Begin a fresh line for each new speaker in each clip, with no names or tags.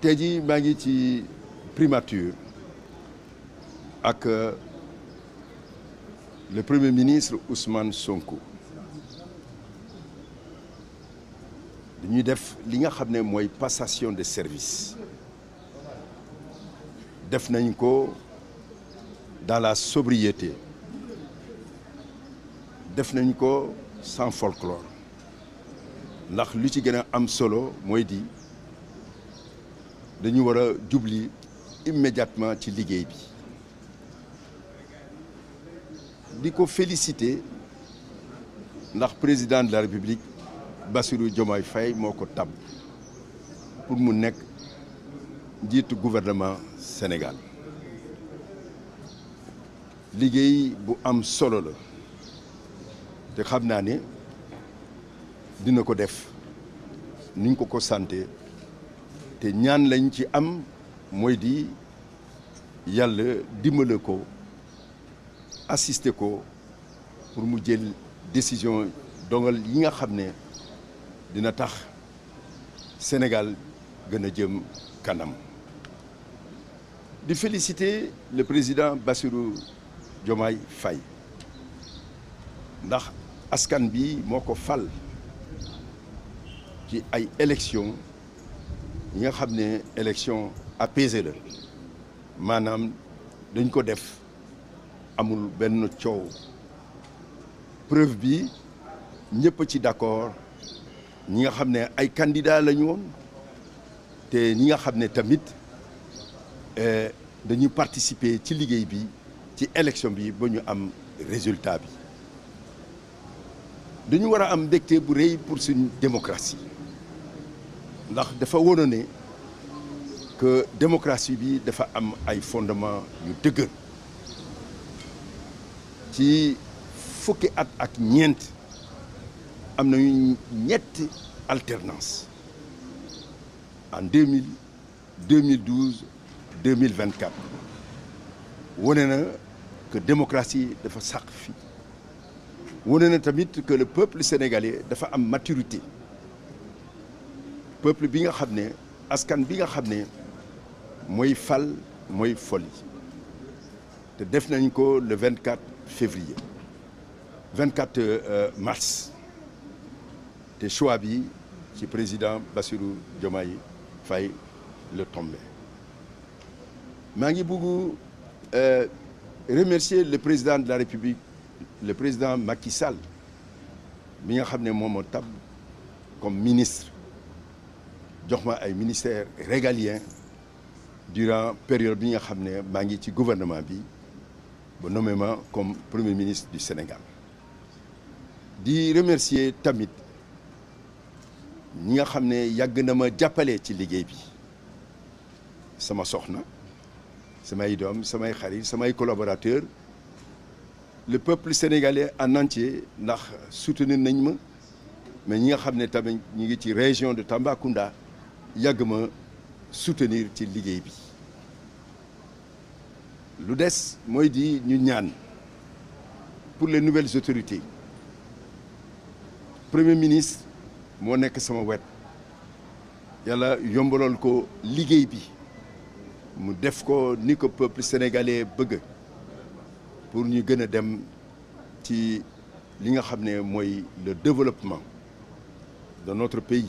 tey jii maa ngi ci primature ak euh, le premier ministre Ousmane Sonko ñuy def li nga xam ne mooy passation de service def nañ ko dans la sobriété def nañ ko sans folklore ndax lu ci gën a am solo mooy di dañu war a jubli immédiatement ci liggéey bi di ko féliciter ndax président de la république Bassirou Diomaye Faye moo ko tàbb pour mu nekk njiitu gouvernement Sénégal liggéey bu am solo la te xam naa ne dina ko def niñ ko ko santé te ñaan lañ ci am mooy di yàlla dimbale ko assister ko pour mu jël décision dongal yi nga xam ne dina tax Sénégal gën a jëm kanam di féliciter le président Bassirou Diomaye Faye ndax askan bi moo ko fal ci ay élections yi nga xam ne élection apaisée la maanaam dañ ko def amul benn coow preuve bi ñëpp ci d'accord ñi nga xam ne ay candidats lañu woon te ñi nga xam ne tamit eh, dañuy participer ci liggéey bi ci élection bi ba ñu am résultat bi dañu war a am mbégte bu rëy pour suñu démocratie ndax dafa wono ne que démocratie bi dafa am ay fondement yu dëgër ci fukki at ak ñeent am nañu ñetti alternance en 2000 2012 2024 wone na que démocratie dafa sàq fi wone na tamit que le peuple sénégalais dafa am maturité peuple bi nga xam ne askan bi nga xam ne mooy fal mooy foli te def nañ ko le 24 février 24 euh, mars te choix bi ci président Bassirou Diomaye Faye le tombé maa ngi bëgg euh, remercier le président de la République le président Macky Sall mi nga xam ne moom moo tab comme ministre jox ma ay ministère régalien durant période bi nga xam ne maa ngi ci gouvernement bi ba nommé ma comme premier ministre du Sénégal di remercier tamit ñi nga xam ne yàgg na ma jàppale ci liggéey bi sama soxna samay doom samay xarit samay collaborateurs le peuple sénégalais en entier ndax soutenir nañ ma mais ñi nga xam ne tamit ñu ngi ci région de Tambacounda yàgg ma soutenir ci liggéey bi lu des mooy di ñu ñaan pour les nouvelles autorités premier ministre moo nekk sama wet yàlla yombaloon ko liggéey bi mu def ko ni ko peuple sénégalais bëgg pour ñu gën a dem ci li nga xam ne mooy le développement de notre pays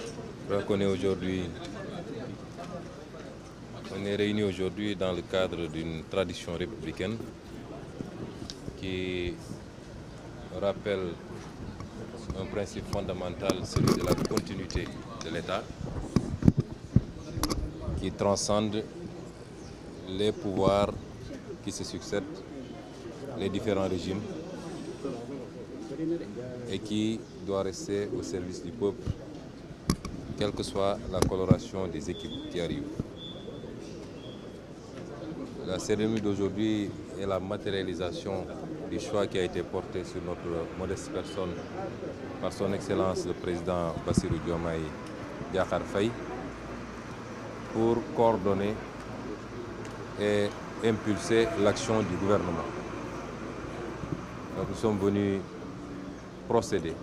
crois qu'on aujourd'hui on est réunis aujourd'hui dans le cadre d'une tradition républicaine qui rappelle un principe fondamental, celui de la continuité de l'État, qui transcende les pouvoirs qui se succèdent, les différents régimes, et qui doit rester au service du peuple quelle que soit la coloration des équipes qui arrivent. La cérémonie d'aujourd'hui est la matérialisation du choix qui a été porté sur notre modeste personne par son Excellence le Président Bassirou Diomaye Diakhar Faye pour coordonner et impulser l'action du gouvernement. Donc nous sommes venus procéder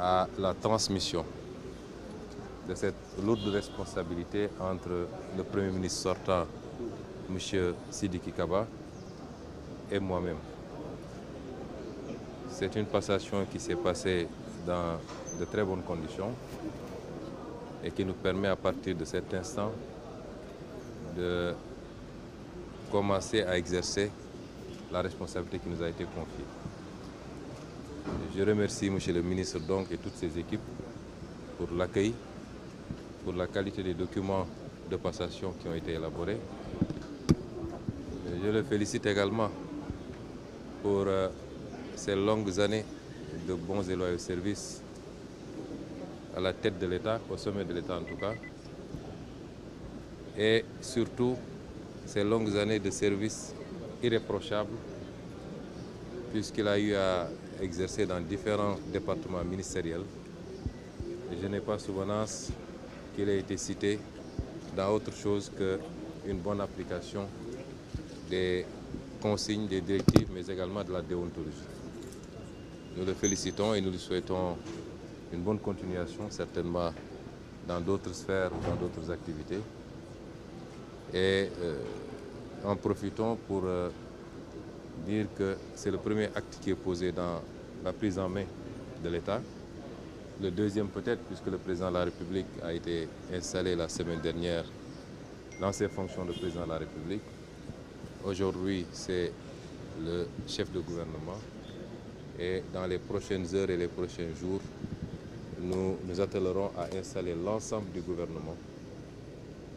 à la transmission de cette lourde responsabilité entre le Premier ministre sortant, M. Sidiki Kaba, et moi-même. C'est une passation qui s'est passée dans de très bonnes conditions et qui nous permet à partir de cet instant de commencer à exercer la responsabilité qui nous a été confiée. Je remercie M. le ministre donc et toutes ses équipes pour l'accueil pour la qualité des documents de passation qui ont été élaborés. Je le félicite également pour euh, ces longues années de bons et loyaux services à la tête de l'État, au sommet de l'État en tout cas, et surtout ces longues années de service irréprochable puisqu'il a eu à exercer dans différents départements ministériels. Et je n'ai pas souvenance qu'il a été cité dans autre chose qu'une bonne application des consignes, des directives, mais également de la déontologie. Nous le félicitons et nous lui souhaitons une bonne continuation, certainement dans d'autres sphères ou dans d'autres activités. Et euh, en profitons pour euh, dire que c'est le premier acte qui est posé dans la prise en main de l'État. Le deuxième peut-être, puisque le président de la République a été installé la semaine dernière dans ses fonctions de président de la République. Aujourd'hui, c'est le chef de gouvernement. Et dans les prochaines heures et les prochains jours, nous nous attellerons à installer l'ensemble du gouvernement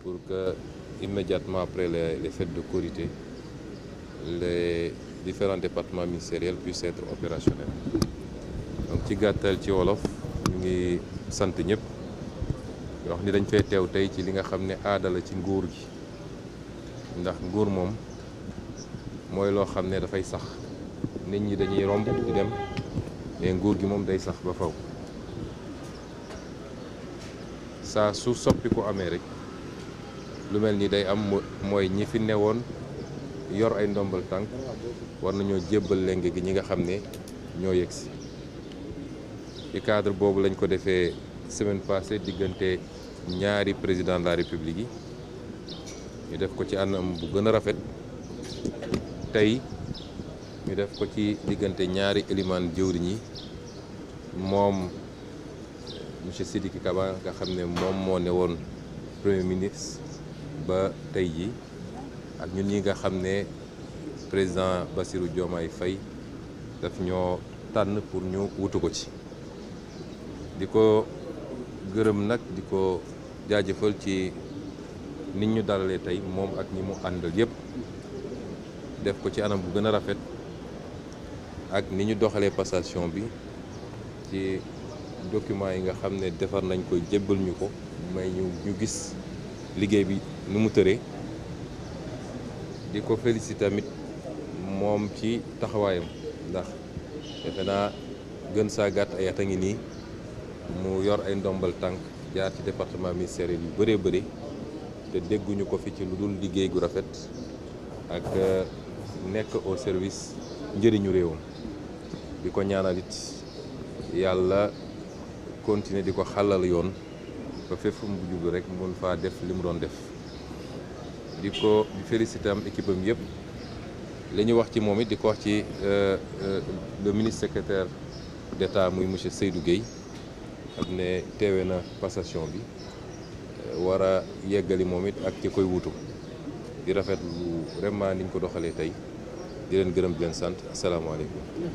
pour que, immédiatement après les, les fêtes de Corité, les différents départements ministériels puissent être opérationnels. Donc ci gàttal ci wolof ngi sant ñëpp wax ni dañ fay teew tey ci li nga xam ne aadala ci nguur gi ndax nguur moom mooy loo xam ne dafay sax nit ñi dañuy romb di dem mais nguur gi moom day sax ba faw saa su soppi ku amee rek lu mel ni day am mooy ñi fi newoon yor ay ndombal tànk war nañoo jébbal lenge gi ñi nga xam ne ñoo yegg si ci cadre boobu lañ ko defee semaine passée diggante ñaari président de la république yi ñu def ko ci anam bu gën a rafet tey ñu def ko ci diggante ñaari élimaan jëwriñ yi moom monsieur Sidiki Kaba nga xam ne moom moo ne woon premier ministre ba tey ji ak ñun ñi nga xam ne président Bassirou Diomaye Faye daf ñoo tànn pour ñu wutu ko ci di ko gërëm nag di ko jaajëfal ci nit ñu dalalee tey moom ak ñi mu àndal yépp def ko ci anam bu gën a rafet ak ni ñu doxalee passation bi ci document yi nga xam ne defar nañ koy jébbal ñu ko may ñu ñu gis liggéey bi nu mu tëree di ko féliciter tamit moom ci taxawaayam ndax defe naa gën saa gàtt ay a ngi nii mu yor ay ndombal tànk jaar ci département ministériel yu bëree bëri te dégguñu ko fi ci lu dul liggéey gu rafet ak euh, nekk au service njëriñu réewam di ko ñaanal yàlla continuer di ko xàllal yoon ba fépp mu jublu rek mun faa def li mu doon def di ko félicité am équipe am yëpp li ñu wax ci moom it di ko wax ci euh, euh, le ministre secrétaire d'État muy monsieur Seydou Guèye xam ne teewe na passation bi euh, war a yeggali moom it ak ci koy wutu di rafetlu vraiment niñ ko doxalee tey di leen gërëm di leen sant asalaamaaleykum